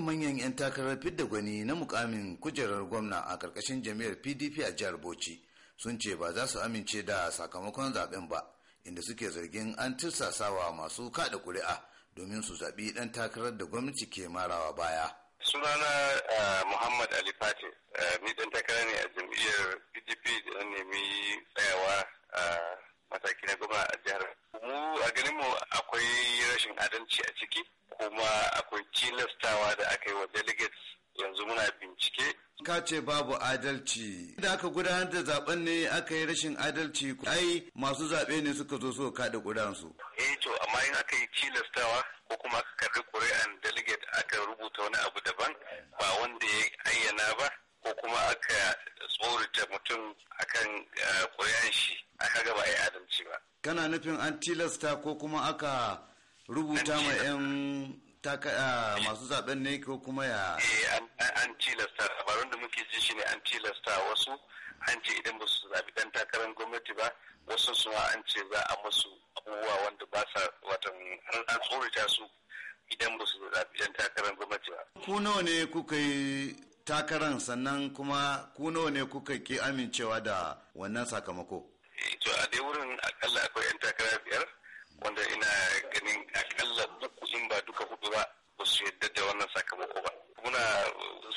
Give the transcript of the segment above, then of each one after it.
manya-manyan 'yan takarar fidda gwani na mukamin kujerar gwamna a ƙarƙashin jami'ar pdp a jihar bauchi sun ce ba za su amince da sakamakon zaben ba inda suke zargin an tirsasawa masu kada kuri'a domin su zaɓi ɗan takarar da gwamnati ke marawa baya sunana eh, muhammad ali fati eh, ni ɗan takara ne a jam'iyyar pdp da an nemi tsayawa a eh, mataki na gwamna a jihar mu a ganin akwai rashin adalci a ciki kuma akwai tilastawa da aka yi wa delegates yanzu muna bincike ka ce babu adalci da aka gudanar da zaben ne aka yi rashin adalci ai masu zaɓe ne suka zo su kaɗa ƙudansu eh to amma in aka yi tilastawa ko kuma aka karɓi ƙuri'an delegate aka rubuta wani abu daban ba wanda ya ayyana ba ko kuma aka tsorata mutum akan eh, ƙuri'an shi aka gaba ya adalci ba kana nufin an tilasta ko kuma aka rubuta ma 'yan ah, eh. masu zaben ne ko kuma ya eh, an tilasta labarun da muke ji ne an tilasta wasu an ce idan ba su zaɓi ɗan takarar gwamnati ba wasu su ma an ce za a musu abubuwa wanda ba sa watan an tsorata su idan ba su zaɓi ɗan takarar gwamnati ba. ku nawa ne kuka yi takarar sannan kuma ku nawa ne kuka ke amincewa da wannan sakamako. Eh, to a dai wurin akalla akwai 'yan takara biyar wanda ina ganin akalla uku in ba duka hudu ba ba su yadda da wannan sakamako ba muna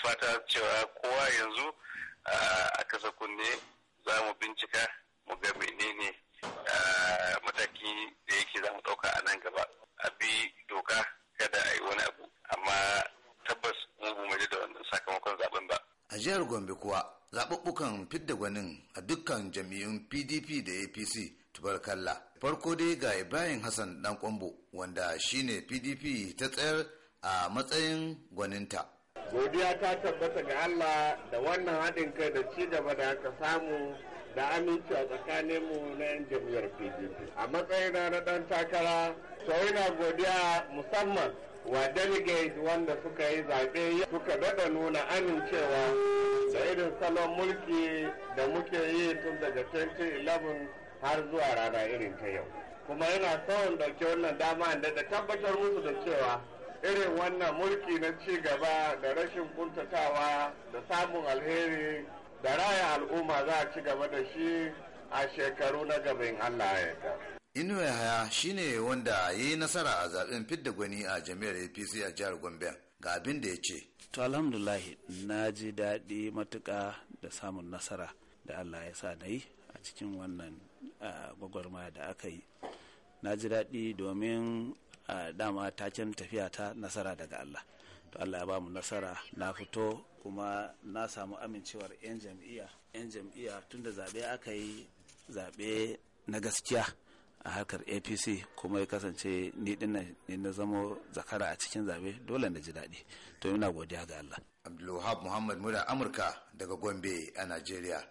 fata cewa kowa yanzu a kasa kunne za mu bincika mu ga menene mataki da yake za mu ɗauka a nan gaba a bi doka kada a yi wani abu amma tabbas mu mu da wannan sakamakon zaben ba a jihar gombe kuwa zaɓuɓɓukan fidda gwanin a dukkan jami'un pdp da apc tubarkalla farko dai ga ibrahim hassan dan kwambo wanda shine pdp ta tsayar a matsayin gwaninta godiya ta tabbata ga allah da wannan haɗin kai da ci gaba da aka samu da aminci a tsakaninmu na 'yan jam'iyyar pdp a matsayina na ɗan takara sau na godiya musamman wa delegate wanda suka yi zaɓe suka daɗa nuna amincewa salon mulki da muke yi tun daga 2011 har zuwa rana irin ta yau kuma yana tsawon dauke wannan dama da da tabbatar musu da cewa irin wannan mulki na ci gaba da rashin kuntatawa da samun alheri da raya al'umma za a ci gaba da shi a shekaru na gaban Allah ya Inuwa Yahaya shine wanda ya yi nasara a zaben fidda gwani a jami'ar APC a jihar Gombe ga abin da ya ce. To alhamdulahi na ji daɗi matuƙa da samun nasara da Allah ya sa na yi a cikin wannan gwagwarmaya da aka yi. Na ji daɗi domin dama taken tafiya ta nasara daga Allah. To Allah ya ba mu nasara na fito kuma na samu amincewar 'yan jam'iyya. 'yan jam'iyya tunda zaɓe aka yi zaɓe na gaskiya. a harkar apc kuma ya kasance ni din na zama zakara a cikin zabe dole na ji daɗi to ina godiya ga allah abdulwahab muhammad muda amurka daga gombe a najeriya